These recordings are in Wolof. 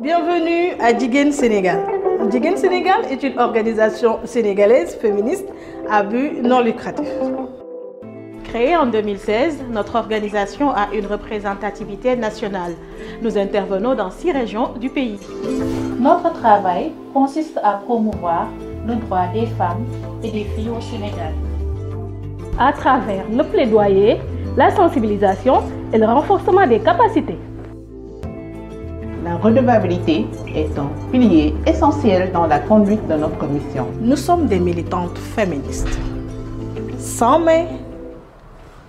Bienvenue à Jigéen Sénégal. Jigéen Sénégal est une organisation sénégalaise féministe à but non lucratif. Créée en 2016, notre organisation a une représentativité nationale. Nous intervenons dans six régions du pays. Notre travail consiste à promouvoir le droit des femmes et des filles au À travers le plaidoyer, la sensibilisation et le renforcement des capacités. La redevabilité est un pilier essentiel dans la conduite de notre mission. Nous sommes des militantes féministes, sans mais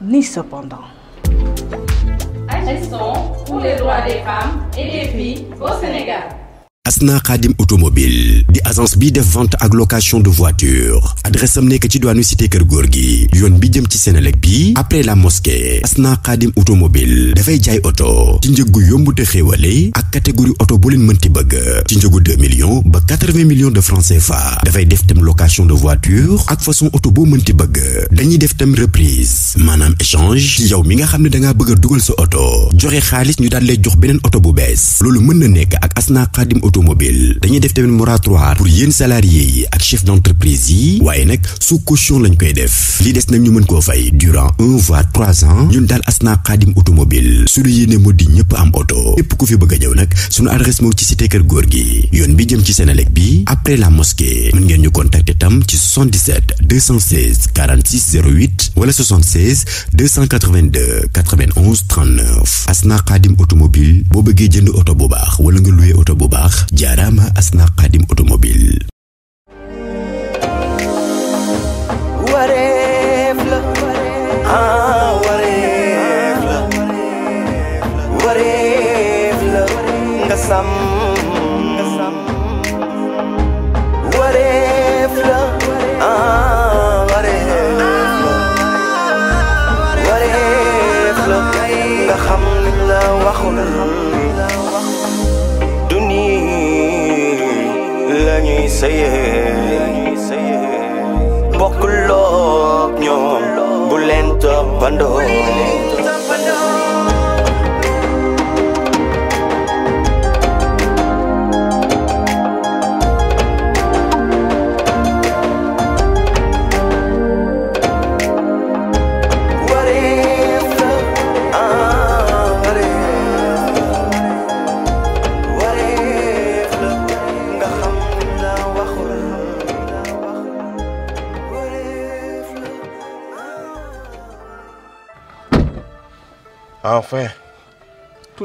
ni cependant. Agissons pour les droits des femmes et des filles au Sénégal. Asna Khadim automobile di agence bii def vente ak location de voiture adresse am nekk ci doanu cité kër góor gi yoon bi jëm ci Sénélec bi après la mosquée Asna Khadim automobile dafay jaay oto ci njëg gu yomb te xéewale ak catégorie oto bu leen mënti bëgg ci njëgu 2 millions ba 80 millions de francs CFA dafay def tam location de voiture ak façon oto boo mënti bëgg dañuy def tam reprise maanaam échange ci yow mi nga xam ne dangaa bëgg a dugal sa oto joxe xaalis ñu daal lay jox beneen oto bu bees loolu mën na automobile dañuy def tamit moratoire pour yéen salariés yi ak chef d'entreprise yi waaye nag sous caution lañ koy def li des nag ñu mën koo fay durant un voire trois ans ñun daal Asna automobile suñu yéene moo di ñëpp am oto képp ku fi bëgg a ñëw nag suñu adresse moo ci cité kër góor gi yoon bi jëm ci Sénélec bi après la mosquée mën ngeen ñu contacter ci 77 automobile boo bëggee jënd oto bu baax wala nga loué oto bu baax baax jaaraama asna xaadim automobile wareef la ah wareef la wareef la nga sàmm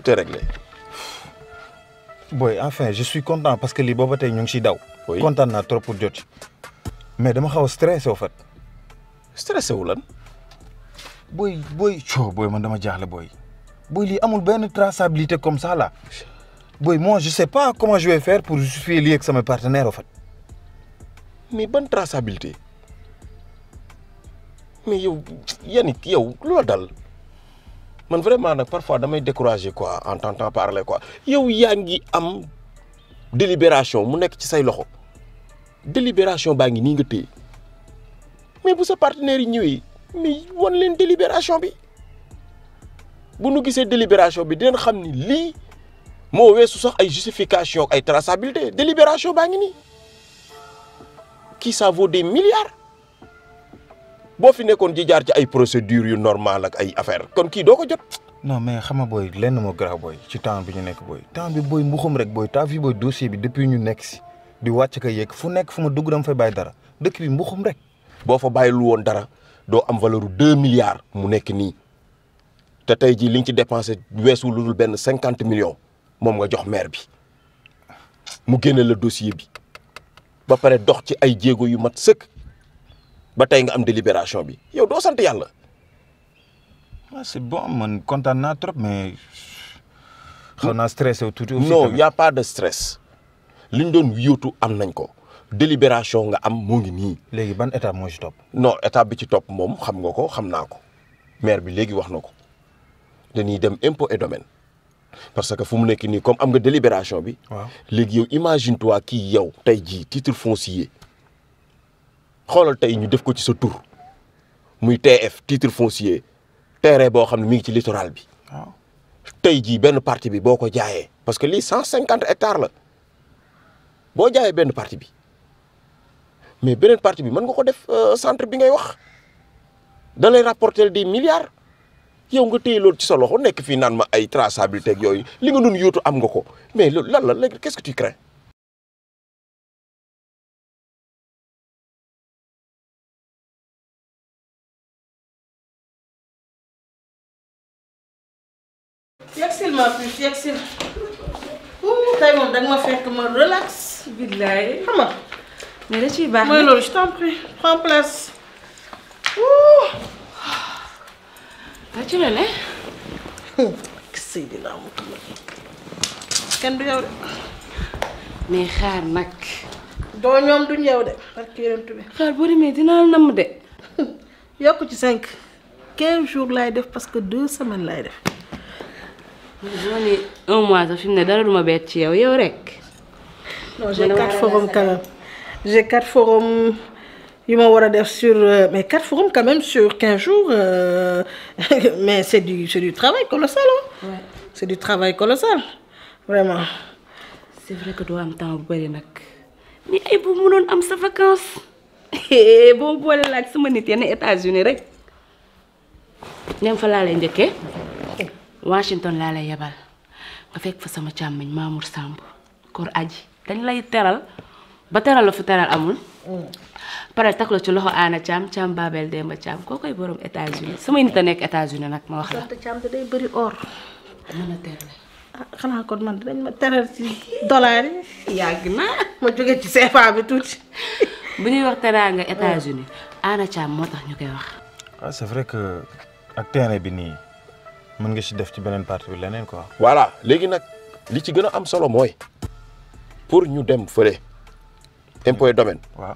te est réglé. booy enfin je suis content parce que lii booba tey ñu ngi siy daw. oui kontaan naa trop pour jot mais dama xaw a stressé wu fa. wu lan. booy booy coo booy man dama jaaxle booy. booy lii amul benn trassabilité comme ça là. booy moi je sais pas comment je vais pour justifier lii ak sama partenaire au fait. mais ban trassabilité mais yow Yannick yow loola dal. man vraiment nag parfois damay découragé quoi en t'entendant parler quoi yow yaa ngi am délibération mu nekk ci say loxo délibération baa ngi nii nga téye mais bu sa partenaire yi ñëwee mais wan leen délibération bi bu nu gisee délibération bi dinañ xam ni lii moo weesu sax ay justification ay traçabilité délibération baa ngi nii kii ça vaut des milliards. boo fi nekkoon ji jaar ci ay procédures yu normal ak ay affaire kon kii doo ko jot. non mais xam nga booy lenn moo garaaw booy ci temps bi ñu nekk booy temps bi booy mbuxum rek booy temps bi booy dossier bi depuis ñu nekk si di wàcc ka yéeg fu nekk fu ma dugg dama fay bàyyi dara dëkk bi rek. boo fa bàyyilu woon dara doo am valeur deux milliards mu nekk nii te tey jii li ñu ci dépensé weesu lu dul benn cinquante millions moom nga jox maire bi mu génne la dossier bi ba pare dox ci ay jéego yu mat sëkk. ba tey nga am délibération bi yow doo sant yàlla. ah c'est bon man kontaan naa trop naa stressé tuuti. non y a pas de stress. li ñu doon yóotu am nañ ko. délibération nga am moo ngi nii. léegi ban étape moo ci topp. non étape bi ci topp moom xam nga ko xam naa ko. maire bi léegi wax na ko. dañuy dem impôt et domaine. parce que fu mu nekk nii comme am nga délibération bi. léegi yow imagine toi kii yow. tey jii titre foncier. xoolal tey ñu def ko ci sa tur muy ef titre foncier terrain boo xam ne mi ngi ci littoral bi. waaw tey jii benn parti bi boo ko jaayee. parce que lii cent cinquante hectares la boo jaayee benn partie bi mais beneen partie bi mën nga ko def euh, centre bi ngay wax da lay rapporter des milliards yow nga téye loolu ci sa loxo nekk fii naan ma ay traçabilité ak yooyu li nga doon yóotu am nga ko mais loolu lan la léegi que tu crains. billaay xam nga. mais da ciy baax mooy loolu je t'en prie ci la ne. sëy dina amut kenn du yow de. mais xaar nag. doo ñoom duñ yow de. ak yonent bi xaar boo namm de. yokk ci cinq. quinze jour laay def parce que deux semaines lay def. bu ma un mois sax fi mu ne dara duma bett ci yow yow rek. non j'ai quatre forums quand même ma war a def sur euh, mais quatre forums quand même sur quinze jours euh... mais c'est vraiment. c'est vrai bu bëri nag mais ay bu am sa vacance eh, boo boole sama nit yenn rek nem fa laa lay njëkkee Washington laa lay yebal nga fekk fa sama càmmiñ Mamour Samb koor aji dañ lay teral ba teral la fu teral amul. Mm. pare takk la ci loxo Anna Thiam Thiam Babel Demba Thiam koo koy borom états nekk États-Unis nag ma wax la. sant bëri or. mën a teral ah xanaa kon man dañ na ma jóge ci CFA bi tuuti. bu ñuy wax teraanga mm. États-Unis Anna Thiam moo tax ñu koy wax. Ah, c'est vrai que ak terrain bi nii mën nga ci def ci beneen partie bi leneen quoi. voilà léegi nag li ci gën a am solo mooy. pour ñu dem fële impôt domaine. waaw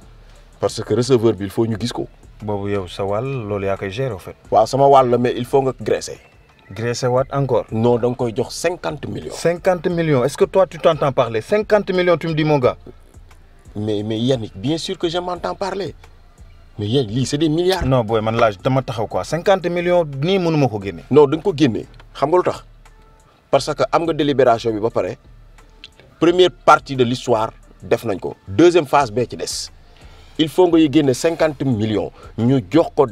parce que receveur bi il faut ñu gis ko. boobu yow sa wàll loolu yaa koy gérer en fait. waaw sama wàll la mais il faut nga graisser. graisser waat encore. non da koy jox cinquante millions. cinquante millions est-ce que toi tu t'entends parler cinquante millions tu me dis mon gars. mais mais Yannick bien sûr que je m'entends parler mais yéen lii c'est des milliards. non booy man laaj dama taxaw quoi cinquante nii mënuma ko génne. non da ko génne xam nga lu tax parce que am nga délibération bi ba pare. première partie de l'histoire def nañ ko deuxième phase bee ci des il faut nga génne cinquante millions ñu jox ko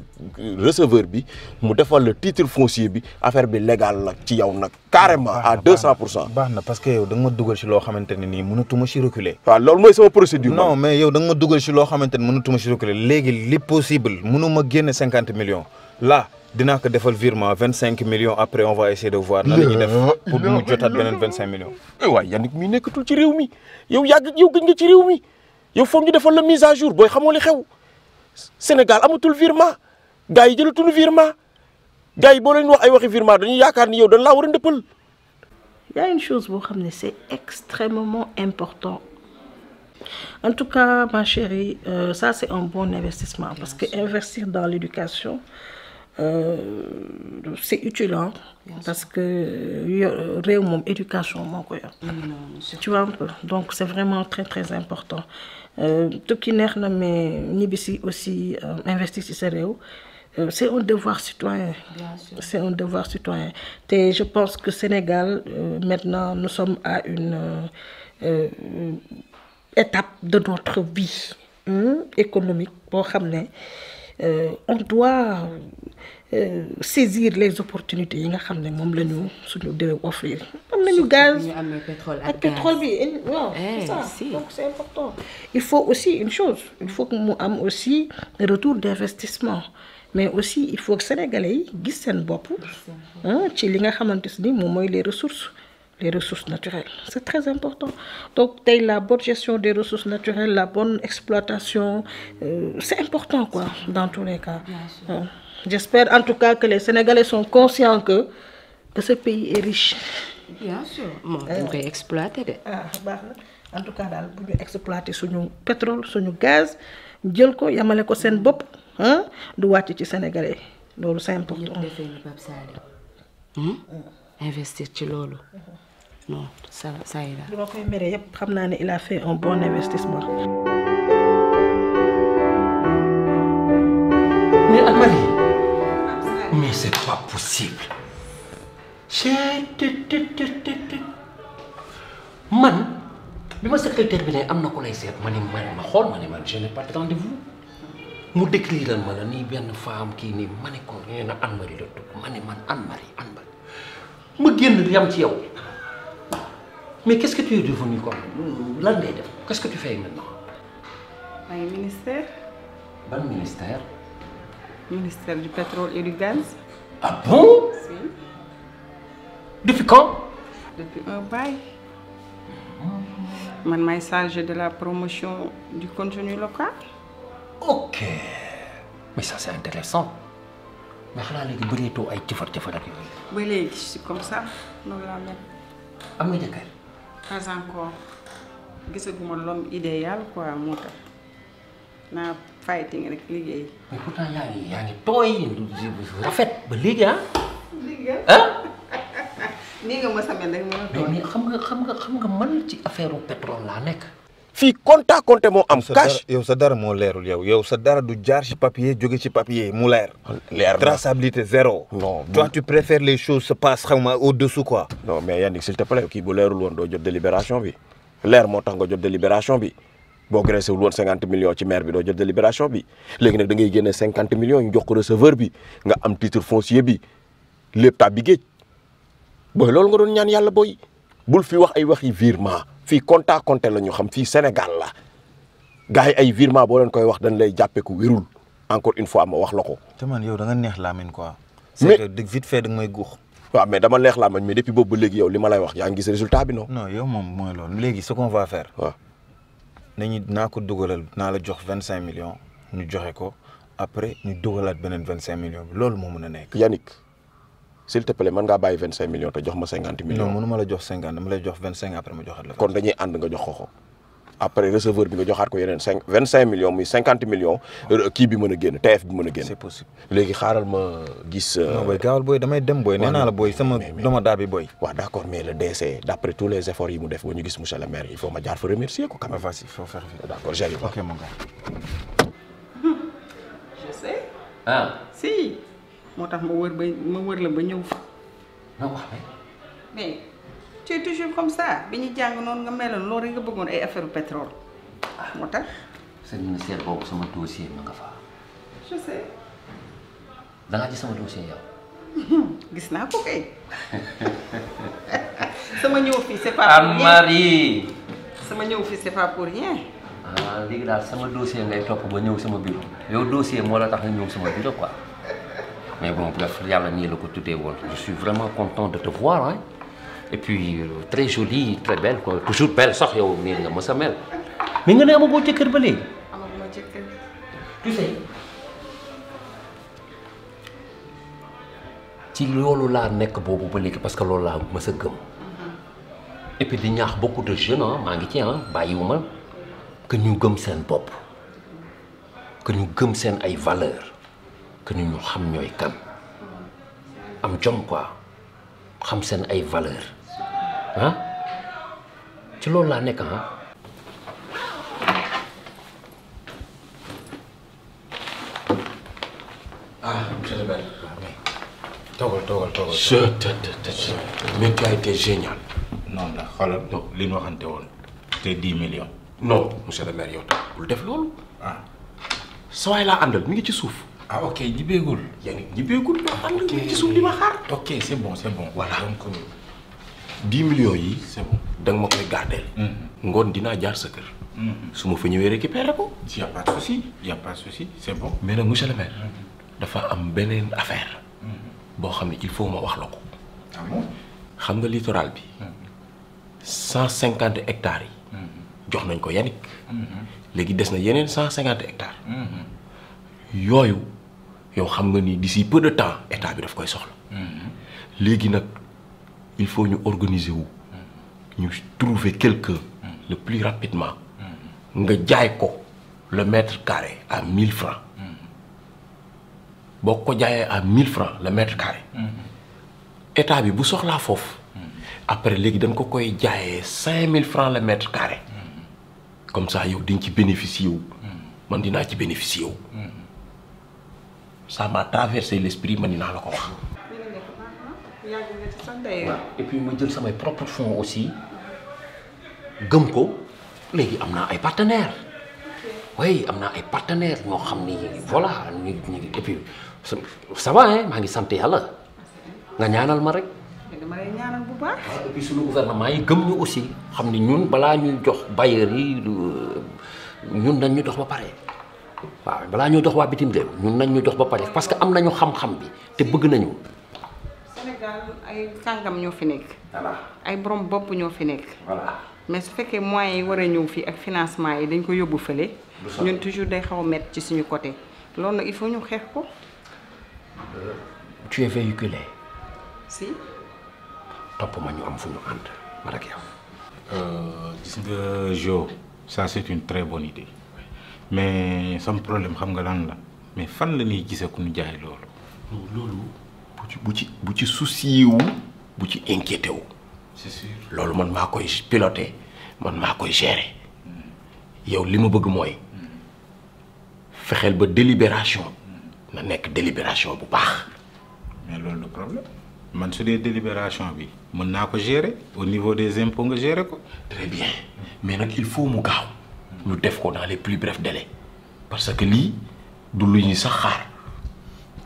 receveur bi mu defal le titre foncier bi affaire bi légal la ci yow nag carrément à deux cent pour cent baax na parce que yow da nga ma dugal si loo xamante ne nii mënatuma si reculer waaw loolu mooy sama procédure non mais yow da ma dugal si loo xamante ne mënatuma si reculer léegi li possible mënuma génne cinquante millions là dinaa ko defal virement vingt cinq millions après on va essayer de voir nan la ñuy def pour mu jotaat beneen vingt cinq millions eh waaye Yannick mi nekkatul ci réew mi yow yàgg yow gëj nga ci réew mi yow foog ñu defal la mise à jour booy xamoo li xew Sénégal amatul virement gars yi jëlatul virement gars yi boo leen wax ay waxi virement dañuy yaakaar ni yow dañ laa wara a ndëppal a une chose boo xam ne c'est extrêmement important en tout cas ma chérie euh, ça c'est un bon investissement parce que investir dans l'éducation Euh, c'est utile ah. parce que euh, réew moom éducation moo ko donc c'est vraiment très très important. Euh, tukki neex na mais ñibbisi aussi investir ci sa réew. c'est un devoir citoyen. C'est un devoir citoyen. Et je pense que Sénégal, maintenant, nous sommes à une euh, étape de notre vie hein, économique. Pour ramener. Euh, on doit euh, saisir les opportunités yi nga xam ne moom la ñu suñu déwén offrir. am nañu gaz ñu amee pétrole ak pétrole bi waaw eh, c'est ça donc c'est important. il faut aussi une chose il faut que mu am aussi retour d'investissement mais aussi il faut que sénégalais yi gis seen bopp. ci li nga xamante ni moom mooy les ressources. les ressources naturelles c'est très important donc tey la bonne gestion des ressources naturelles la bonne exploitation euh, c'est important quoi dans tous les cas ouais. j'espère en tout cas que les Sénégalais sont conscients que que ce pays est riche euh, ah, en tout cas daal bu ñu exploiter suñu pétrole suñu gaz jël ko yamale ko seen bopp ah du wàcc ci Sénégalais loolu c'est important ah. investir ci loolu ah. non ça ça ma koy mere yëpp xam naa ne il a fait un bon investissement. mais mais c'est pas possible. man bi ma secrétaire bi ne am na ko lay seet ma ne man ma xool ma ne man je n'ai rendez-vous mu décliral ma la nii benn femme kii nii ma ne ko nee na Anne Marie la ma ne man Anne Marie Anne Marie ma génn yam ci yow. mais qu'est-ce que tu es devenu quoi lan ngay def qu'est-ce que tu fais maintenant. maa ngi ministère. ban ministère. ministère du pétrole et du gaz. ah bon. depuis quand. depuis un bail. man maay chargé de la promotion du contenu local. ok mais ça c'est intéressant mais xanaa léegi bëreetoo ay jëfar jëfar ak yooyu. ba léegi comme ça noonu laa mel. pas encore gisaguma l'homme idéal quoi moo tax naa fighting rek liggéey. mais pourtant yaa ngi yaa ngi tooy rafet ba léegi ah. liggéey ah. nii nga ma samel rek ma la tooy. xam nga xam nga xam nga man ci affaire pétrole laa nekk. fii compta compté moo am. cash yow sa dara moo leerul yow yow sa dara du jaar ci papier jóge ci papier mu leer. leer traçabilité zéro. non toi tu préfères les choses se passent ma au mais kii bu leerul woon doo jot délibération bi leer moo tax nga jot délibération bi. boo graissé wul woon cinquante millions ci maire bi doo jot délibération bi léegi nag da ngay génne cinquante millions ñu jox ko receveur bi nga am titre foncier bi lépp ta bi géej booy loolu nga doon ñaan yàlla booy bul fi wax ay wax yi virement fii compta compté la ñu xam fii senegal la gars yi ay virement boo leen koy wax dañ lay jàppee ku wérul encore une fois ma wax la ko. te man yow da neex làmmiñ quoi. mais c'est que vite fait da nga may guux. waaw mais dama neex yow li ma wax yaa ngi gis résultat bi non. non mooy loolu léegi ce qu'on va faire. waaw nañu naa ko dugalal naa la jox vingt cinq millions ñu joxe ko après ñu dugalaat beneen vingt cinq millions bi loolu moo mën a nekk. Yannick. s'il te plaît mën ngaa bàyyi vingt cinq millions te jox ma cinquante millions. non mënuma la jox cinq après ma la. jox ko ko après euh, kii bi mën a génn TF bi mën a génn. léegi xaaral ma gis. Euh, non booy gaawal booy damay dem booy. nee la booy sama dama daal bi booy. waaw d'accord mais le DC d'après tous les efforts yi mu def ba ñu gis monsieur le maire il faut ma jaar fa remercier ko quand même. vas-y faut faire vite. d'accord j'arrive. ok mon moo tax ma wër ba ma wër la ba ñëw fa. non wax mais tu es comme ça bi ñu jàng noonu nga meloon loolu rek nga bëggoon ay affaire pétrole. Ah. moo tax. seen ministère boobu sama dossier ma nga fa. sama dossier yow. gis naa ko sama ñëw fii c'est Marie. sama ñëw fii c'est pas pour rien. ah daal sama dossier ngay topp ba ñëw sama bureau yow dossier moo la tax nga ñëw sama bureau quoi. mais bon bref yàlla nii la ko tuddee woon je suis vraiment content de te voir hein et puis euh, très jolie très belle quoi toujours belle sax yow nii nga mës mel mais nga ne amagoo ba léegi. amaguma jëkkër. ci loolu laa nekk boobu ba léegi parce que loolu laa mës a gëm. Mm-hmm. et puis di ñaax beaucoup de jeunes maa ngi ci ah bàyyiwuma que ñu gëm seen bopp que ñu gëm seen ay valeurs. que ñu xam ñooy kan am jom quoi xam seen ay valeur ah ci loolu laa nekk ah. ah monsieur le maire. toogal toogal toogal. je te te li ñu waxante woon te dix millions. non monsieur le yow tam bul def loolu sawaay laa àndal mi ngi ci suuf. ah ok jibbeegul. yaa ngi jibbeegul doo xam ne ci suuf di ma xaar. ok c' bon c' bon. voilà donc euh, dix yi. c' da nga ma koy gardeel. Mhm. ngoon dinaa jaar sa kër. Mhm. su ma fa ñëwee récupéré ko. y' a pas de souci mhm. dafa am beneen affaire. boo xam ne il faut ma wax la ko. Ah xam nga littoral bi. cent cinquante hectares yi. jox nañ ko Yannick. léegi des na yeneen cent cinquante hectares. yooyu. yow xam nga ni d'ici peu de temps état bi daf koy soxla. léegi nag il faut ñu organiser wu. ñu trouver quelqu'un le plus rapidement. nga jaay ko le mètre carré à mille francs. boo ko jaayee à mille francs le mètre carré. état bi bu soxlaa foofu. après léegi dañ ko koy jaayee cinq mille francs le mètre carré. comme ça yow di ci bénéficier wu. man dinaa ci bénéficier wu. ça m'a traversé l'esprit ma ni naa la ko wax. waaw ma jël samay propres fonds aussi gëm ko léegi am naa ay partenaires. oui am naa ay partenaires ñoo xam ni voilà ñu ñu et maa ngi sant yàlla nga ñaanal ma rek. dama lay ñaanal bu yi gëm ñu aussi xam ni ñun balaa ñuy jox bailleurs yi ñun dañ ñu dox ba pare. waaw balaa ñoo dox waa bitim réew nañ ñu dox ba pare parce que am nañu xam-xam bi te bëgg nañu. Sénégal ay kàngam ñoo fi nekk. ay borom bopp ñoo fi nekk. mais su fekkee moyens yi war a ñëw fii ak financement yi dañ ko yóbbu fële. ñun toujours day xaw a métti ci suñu côté loolu nag il faut ñu xeex ko. Euh, tu es si. topp ma ñu am fu ñu ànd man ak yow. Euh, mais sama problème xam nga lan la mais fan la ñuy gisee ku ñu jaay loolu. loolu bu ci bu ci bu ci wu bu ci inquiété wu. c'est loolu man maa koy piloté man maa koy géré hmm. yow li ma bëgg mooy hmm. fexeel ba délibération hmm. na nekk délibération bu baax. mais loolu le problème man su dee délibération bi mën naa ko gérer au niveau des impôts nga gérer ko. très bien mais nag il faut mu gaaw. lu def ko dans les plus brefs délais parce que lii du lu ñuy sax xaar.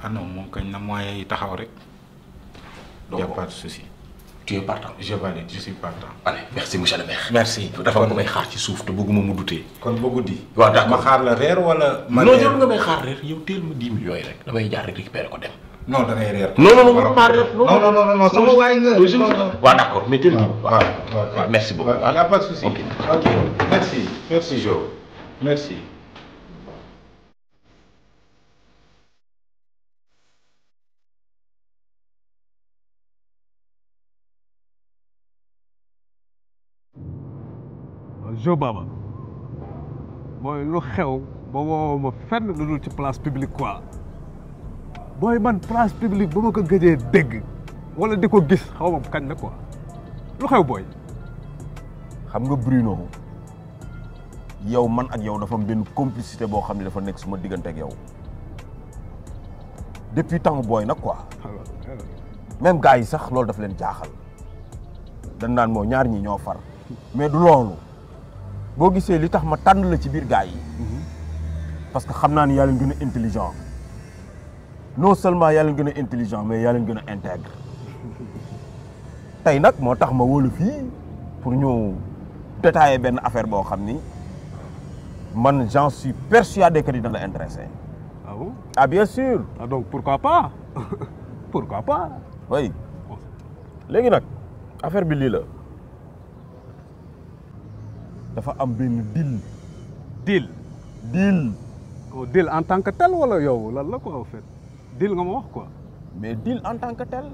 ah non moom kañ na moyens yi taxaw rek. donc y a pas de souci. tu es partant. je valide je suis merci monsieur merci dafa ko may xaar ci suuf te bëgguma mu dutee. kon ba guddi. waaw d'accord ma xaar la reer wala. ma reer nga may xaar reer yow teel ma 10 millions yi rek damay jaar rek récupérer ko dem. non da ngay réer. non non non non non non non sama waay nga. waaw d' accord mais jël waaw waaw merci beaucoup. y a pas de souci. ok merci merci Jo merci. Jo Baba mooy lu xew ba woo ma fenn lu dul ci place publique quoi. booy man place publique ba ma ko gëjee dégg wala di ko gis xaw ma kañ la ko lu xew booy. xam nga Bruno yow man ak yow dafa am benn complicité boo xam ne dafa nekk suma diggante ak yow depuis temps booy nag quoi. même gars yi sax loolu daf leen jaaxal dañ naan moo ñaar ñi ñoo far mais du loolu boo gisee li tax ma tànn la ci biir gars yi mm-hmm. parce que xam naa ne yaa leen gën a intelligent non seulement yaa leen gën a intelligent mais yaa leen gën a intègre tey nag moo tax ma wóolu fii pour ñu détailler benn affaire boo xam ni man j'en suis persuadé que dina la intéresser. ah bon ah bien sûr. ah pour pourquoi pas pourquoi pas. oui léegi nag affaire bi lii la dafa am benn deal. deal. deal. Oh, deal en tant que tel wala yow lan la ko en fait. dil nga ma wax quoi. mais deal en tant que tel.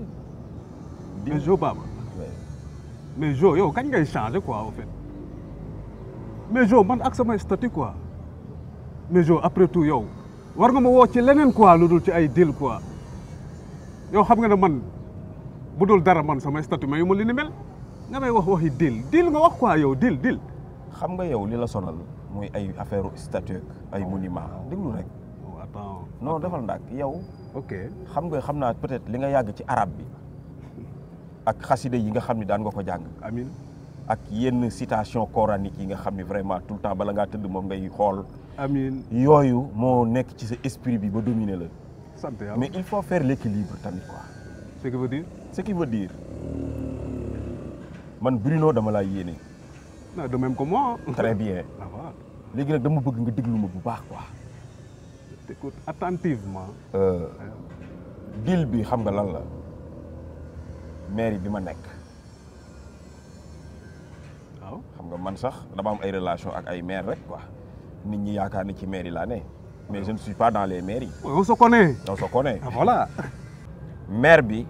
deal mais Jo Baba. mais Jo yow kañ ngay changer quoi au fait. mais Jo man ak samay statut quoi. mais Jo après tout yow war nga ma woo ci leneen quoi lu dul ci ay deal quoi. yow xam nga ne man bu dul dara man samay statut mayu ma li ni mel nga may wax waxi deal dil nga wax quoi yow deal dil xam nga yow li la sonal muy ay affaire statut ay monument ah. déglu rek. Oh, non defal ndak yow. ok xam nga xam naa peut-être li nga yàgg ci arab bi ak xasida yi nga xam ni daan nga ko jàng. amiin ak yenn citation coranique yi nga xam ni vraiment tout le temps bala ngaa tëdd moom ngay xool. amiin yooyu moo nekk ci sa esprit bi ba dominer la. sant mais il faut fair l'équilibre tamit quoi. ce qui veut dire. ce man Bruno dama laa yéene. non de même que très bien. léegi nag dama bëgg nga dégluma bu baax quoi. t'écoute attentivement. Euh, deal bi xam nga lan la mairie bi ma nekk. waaw xam nga man sax dama am ay relation ak ay maire rek quoi nit ñi yaakaar ni ci mairie laa ne mais je ne suis pas dans les mairies. on se connaît. on se connaît ah, voilà. maire bi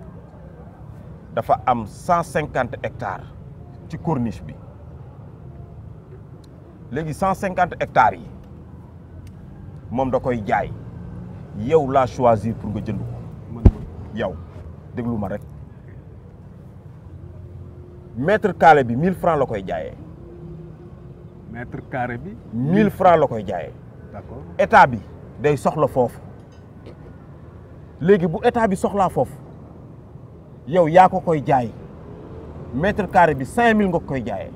dafa am cent cinquante hectares ci corniche bi léegi cent cinquante hectares yi. moom da koy jaay yow laa choisir pour nga jënd yow déglu ma rek mètre carré bi mille francs la koy jaayee. mètre carré bi. 1000 francs la koy jaayee. d'accord état bi day soxla foofu léegi bu état bi soxlaa foofu yow yaa ko koy jaay metre carré bi mille nga koy jaayee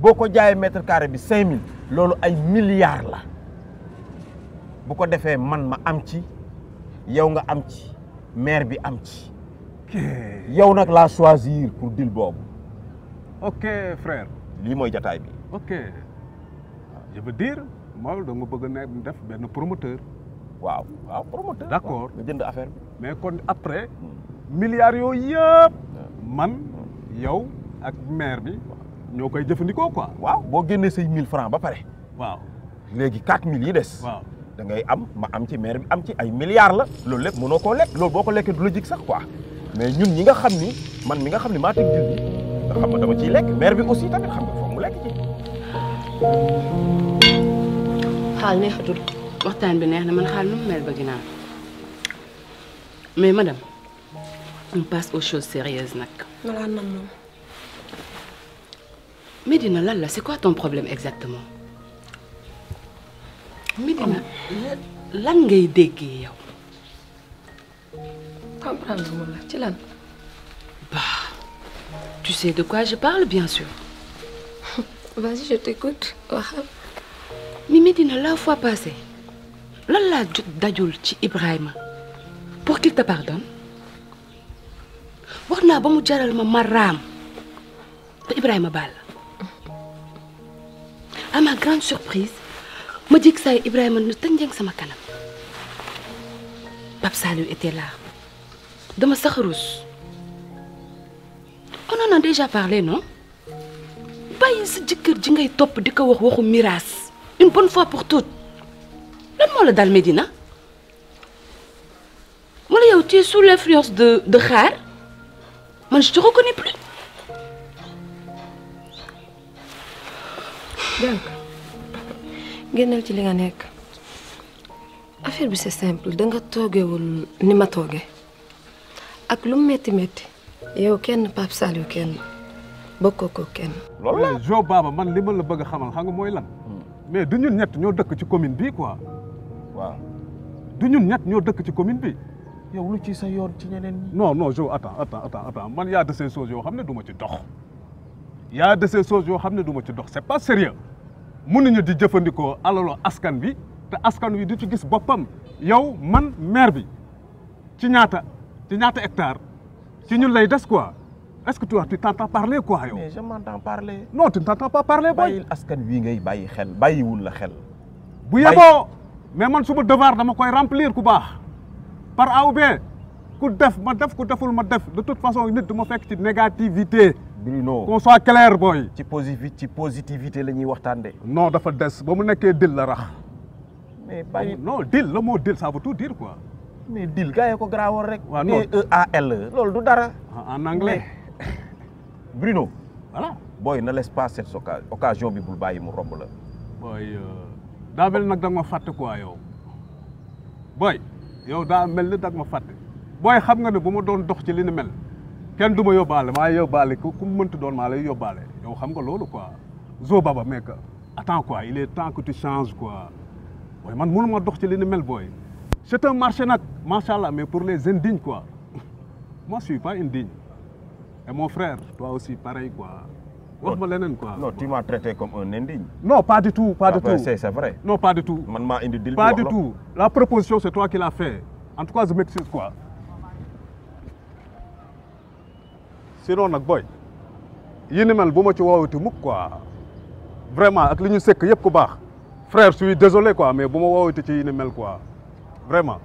boo ko jaayee mètre carré bi 5000 loolu ay milliards la. bu ko defee man ma am ci yow nga am ci maire bi am ci yow nag laa choisir pour dil boobu ok frère lii mooy jataay bi ok je veux dire Maodo da nga bëgg ne def benn promoteur waaw waaw promoteur d'accord nga jënd affaire bi mais kon après milliards yooyu yëpp hmm. man yow ak maire bi ñoo koy jëfandikoo ko waaw boo génnee say mille francs ba pare waaw léegi quatre mille yi des dangay am ma am ci maire bi am ci ay milliards la loolu lépp mënoo koo lekk loolu boo ko lekkee du logique sax quoi mais ñun ñi nga xam ni man mi nga xam ni ma teg dil nga xam na dama ciy lekk bi aussi tamit mu lekk ci xaal neexatul waxtaan bi neex na man xaal nu mu mel ba ginnaaw mais madame on passe aux choses sérieuses nag malaan na moom Médina lan la c'est quoi ton problème exactement Médina lan ngay déggee yow. ci lan. bah tu sais de quoi je parle bien sûr. vas je t'écoute mi Médina la fois passée lan laa dajul ci Ibrahima pour qu'il te pardonne wax naa ba mu jaral ma ma raam te Ibrahima baal la à ma grande surprise. ma jég saay Ibrahima nu tëj njëng sama kanam Pape Saliou était là dama sax ruus a déjà parlé non bàyyi sa jëkkër ji ngay topp di ko wax waxu miraas une bonne fois pour toutes lan moo la dal Medina wala yow tu es sous l'influence de de xaar man je te reconnais plus génnal ci li nga nekk affaire bi c'est simple danga toogewul ni ma tooge ak lu metti metti yow kenn Pape Saliou kenn bokkoo ko kenn. loolu la eh, jo man li ma la bëgg a xamal xam nga mooy lan. Hmm. mais du ñun ñett ñoo dëkk ci commune bi quoi. waaw du ñun ñett ñoo dëkk ci commune bi. yow lu ci sa yoon ci ñeneen ñi. non non jo attends attends attends man y a de ces choses yoo xam ne du ma ci dox. y de ces choses yoo xam ne du ma ci dox c'est pas sérieux mënuñu di jëfandikoo alalu askan bi te askan wi di ci gis boppam yow man maire bi ci ñaata ci ñaata hectare ci ñun lay des quoi est-ce que toi tu t'entends parler quoi yow. mais je m'entends parler. non tu ne t'entends pas parler. bàyyil askan wi ngay bàyyi xel bàyyiwul la xel. bu yeboo mais man suma devoir dama koy remplir ku baax par A ou ku def ma def ku deful ma def de toute façon yi nit du ma fekk ci négativité. Bruno qu'on soit clair booy. ci positivité ci positivité la ñuy waxtaan de. non dafa des ba mu nekkee dil la rax. mais dil la moo dil ça veut tout dire quoi. mais dil gars yi ko garaawoon rek. waaw non E A L. loolu du dara. Ah, en anglais. Bruno. voilà booy ne laisse pas cette occasion bi bul bàyyi mu romb la. booy euh, daa mel nag da nga ma fàtte quoi yow booy yow daa mel ni da ma fàtte booy xam nga ne bu ma doon dox ci li ni mel. kenn du ma yóbbaale maa yóbbaale ku mu mënti doon maa lay yóbbaale yow xam nga loolu quoi Zo Baba mec attends quoi il est temps que tu changes quoi booy man mënu ma dox ci li ni mel booy. c'est un marché nag macha allah mais pour les indignes quoi moi je suis pas indigne et mon frère toi aussi pareil quoi. wax ma leneen quoi non tu a traité comme un indigne. Ah non pas du tout man maa indi dil bi la pas du tout la proposition c'est toi qui l'as en tout cas je m'excuse quoi. sinon nag boy yi mel bu ma ci woowati mukk quoi vraiment ak li ñu sekk yëpp ku baax frère je suis désolé quoi mais bu ma woowati ci yi ni mel quoi vraiment.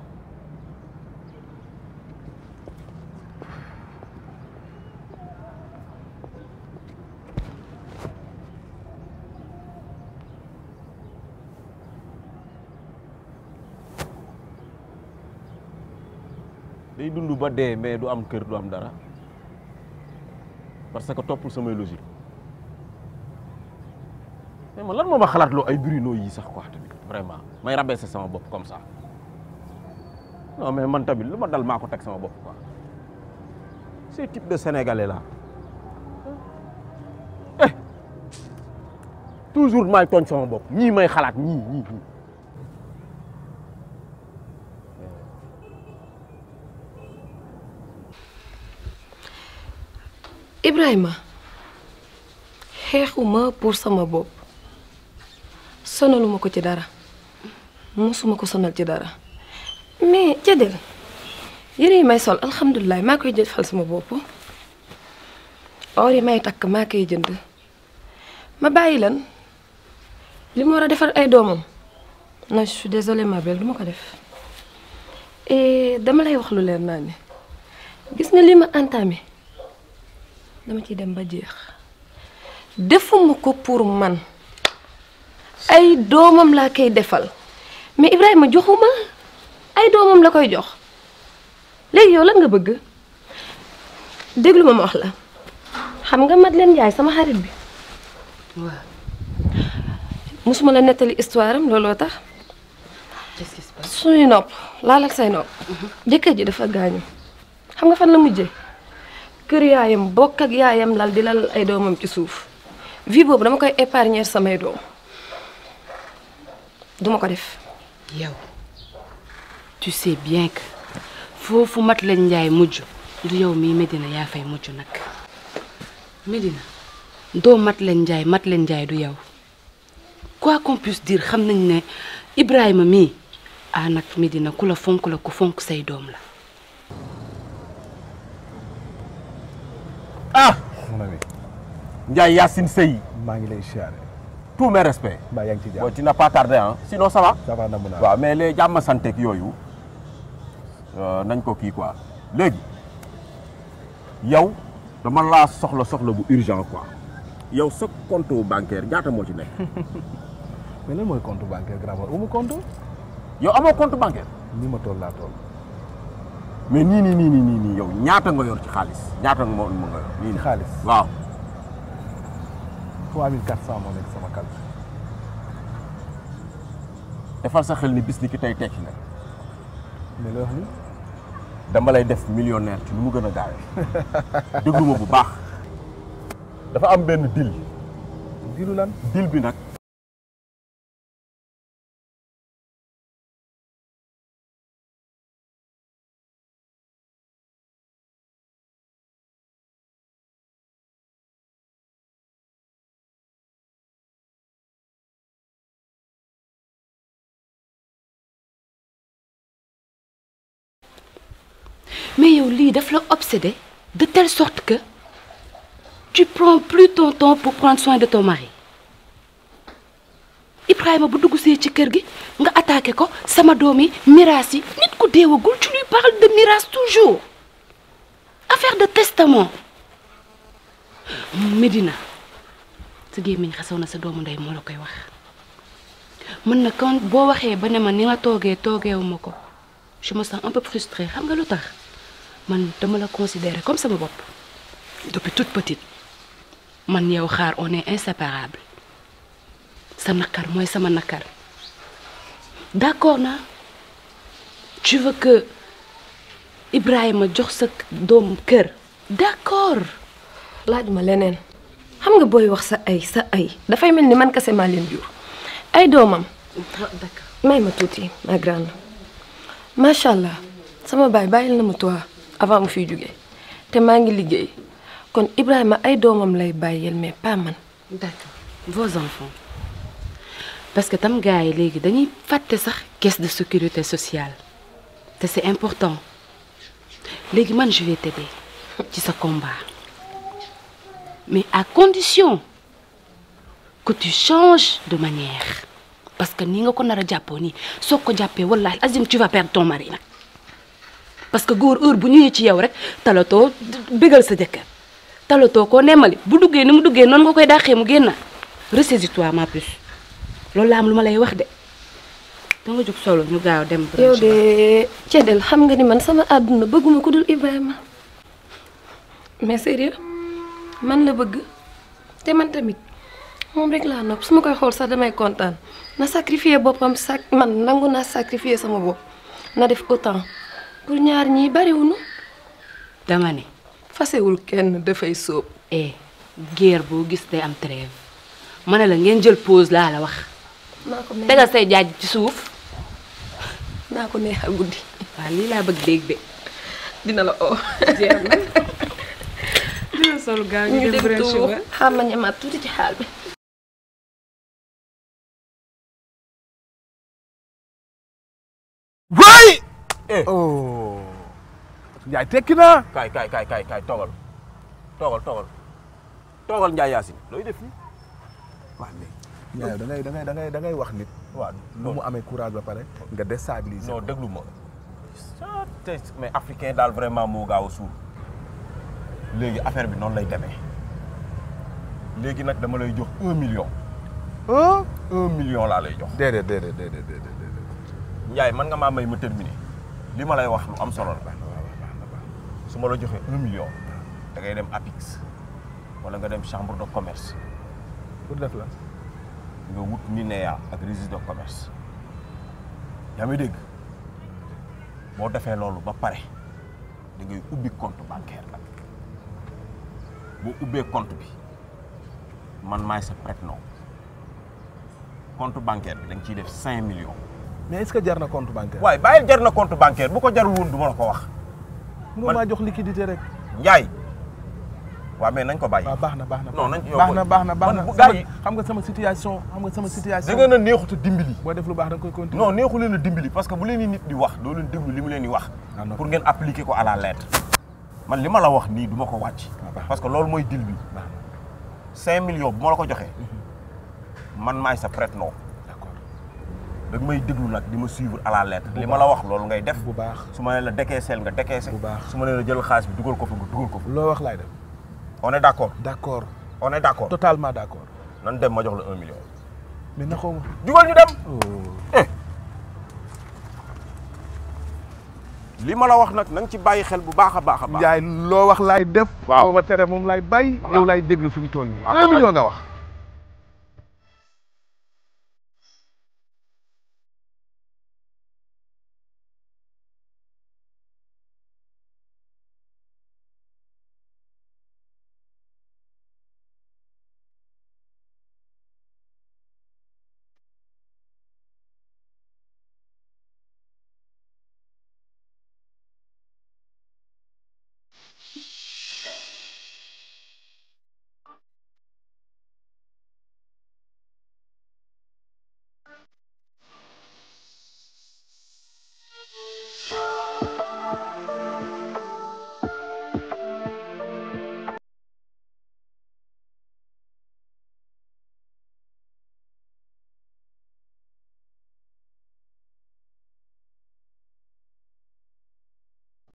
day dund ba dee mais du am kër du am dara. parce que topp samay logique mais man lan moo a xalaat loo ay bruno yi sax quoi tamit vraiment may rabaisser sama bopp comme ça non mais man tamit lu ma dal maa ko teg sama bopp quoi ces types de sénégalais la eh toujours maay tooñ sama bopp ñii may xalaat ñii ñii Ibrahima xeexuma pour sama bopp sonaluma ko ci dara musuma ko sonal ci dara mais jadel yére yi may sol alhamdulilah maa koy jënd fal sama bopp or may takk maa koy jënd ma bàyyi lan li mu war a defar ay doomam non je suis désolée ma du ma ko def et dama lay wax lu leer naa ne gis nga li ma entamé. dama ciy dem ba jeex defuma ko pour man ay doomam laa koy defal mais Ibrahima joxuma ay doomam la koy jox léegi yow lan nga bëgg déglu ma ma wax la xam nga Madeleine Ndiaye sama xarit bi waaw mosuma la nettali histoire am looloo tax suñuy nopp laalal say nopp mm-hmm. jëkkër ji dafa gaañu xam nga fan la mujjee kër yaayam bokk ak yaayam lal di lal ay doomam ci suuf vie boobu dama koy épargner samay doom duma ko def. yow tu sais bien que foofu mat lañ njaay mujj du yow mii Medina yaa fay mujj nag Medina doo mat lañ njaay mat lañ njaay du yow quoi qu'on puisse xam nañ ne Ibrahima mii ah nag Medina ku la fonk la ku fonk say doom la. ah. mon ami. Ndiaye Yacine Sey. maa ngi lay siyaare. tous mes respects. mbaa yaa ngi ci jàmm booy tu n'as pas tardé ah. sinon ça va. ça va namm naa waaw mais les jàmm sant yooyu euh, nañ ko kii quoi léegi yow dama laa soxla soxla bu urgent quoi. yow sa compte bancaire ñaata moo ci nekk. mais mooy compte bancaire grand amu compte. yow amoo compte bancaire. ni laa toll. mais nii nii nii nii nii yow ñaata nga yor ci xaalis ñaata nga ma nga yor. ci xaalis waaw. 3400 moo nekk sama calcul. defal sa xel ni bis ni ki tey na. dama lay def millionnaire ci lu mu gën a gaawee. déglu bu baax. dafa am benn dil. dilu dil bi nag. def la obsédé de telle sorte que tu prends plus ton temps pour prendre soin de ton mari Ibrahima bu dugg see ci kër gi nga attaqué ko sama doom yi miraas yi nit ku deewagul tu lui parles de miraas toujours affaire de testament Médina sa gémmiñ xasaw na sa doomu ndey moo la koy wax mën na kon boo waxee ba ne ma ni nga toogee toogeewu ko je me sens un peu frustrée xam nga lu tax man dama la considérer comme sama bopp depuis toute petite man yow xaar on est inséparable sa nakar mooy sama nakar d'accord naa tu veux jox sa doom kër d'accord laaj ma leneen xam nga booy wax sa ay dafay mel ni man kese maa leen jur ay doomam ah, may ma tuuti ma grande macha allah sama baay bàyyil na ma toi avant mu fiy jóge te maa ngi liggéey kon Ibrahima ay doomam lay bàyyeel mais pas man. parce que tam gars yi léegi dañuy fàtte sax caisse de sécurité sociale te c'est important léegi man je vais ci sa combat mais à condition que tu changes de manière parce que ni nga ko nar a jàppoo nii soo ko jàppee wallaahi azim ci vas perdre ton mari nag. parce que góor heure bu ñuy ci yow rek talatoo bégal sa jëkkër talatoo ko nemmali bu duggee ni mu duggee noonu nga koy dàqee mu génn ressaisis-toi ma puce loolu la am lu ma lay wax de danga jóg solo ñu gaaw dem. yow de Cedel xam nga ni man sama àdduna bëgguma ko dul Ibrahima mais sérieux man la bëgg te man tamit moom rek laa nopp su ma koy xool sax damay kontaan na sacrifier boppam sax man nangu naa sacrifier sama bopp na def autant. pour ñaar ñii bariwuñu dama ne fasewul kenn dafay sóob eh guerre boo gis day am trêve ma ne la ngeen jël pause laa la wax tegal say jaaj ci suuf naa ko neexal guddi waa lii laa bëgg dégg de dina la oo jeex na dina sol gaaw ñu dem xam nañu amaat tuuti ci xaal bi Eh. oh. Ndiaye tekki naa. kaay kaay kaay kaay kaay toogal toogal toogal looy def nii. waaw mais Ndiaye da ngay da ngay wax nit. waaw lu mu amee courage ba pare nga déstabiliser. non déglu ma. mais africain daal vraiment moo gaaw a suul affaire bi noonu lay deme léegi nag dama lay jox un million. un million laa lay jox. déedéet déedéet déedéet déedéet. Ndiaye man nga maa may ma terminer. li ma lay wax lu am solo la su ma la joxee un million da ngay dem APIX wala nga dem chambre de commerce. pour def la. nga wut NINEA ak registre de commerce yaa ngi dégg boo defee loolu ba pare da ngay ubbi compte bancaire la boo ubbee compte bi man maay sa prête-nom compte bancaire bi da ciy def cinq million mais est-ce que jar na compte bancaire. waaye bàyyil jar na compte bancaire bu ko jarul woon du ma la ko wax. man maa jox liquidité rek. Ndiaye. waaw mais nañ ko bàyyi. waaw baax na baax na non nañ ko baax na baax na baax na xam nga sama situation xam nga sama situation. da ngeen a neexut a dimbali. boo def lu baax da nga koy continuer. non neexu leen a dimbali parce que bu leen nit di wax doo leen déglu li mu leen di wax. Ah, pour ngeen appliquer ko à la lettre. man li ma la wax nii du ma ko wàcc. Ah, parce que loolu mooy dil bi. 5 millions bu ma la ko joxee. Mhm. man maay sa prête-nom. da may déglu nag li ma suivre à li ma la wax loolu ngay def bu baax su ma ne la décaisseel nga décaissé bu baax su ma ne la jël xaalis bi dugal ko fa nga ko fa loo wax laay def on est d' accord d' accord on est d' totalement d' accord nan dem ma jox la un million mais na ko ma jugal ñu dem oh. eh. li ma la wax nag na nga ci bàyyi xel bu baax a baax a baax. Ndiaye loo wax laay def. waaw ma tere moom laay bàyyi. yow laay déglu fi mu toll nii. un nga wax.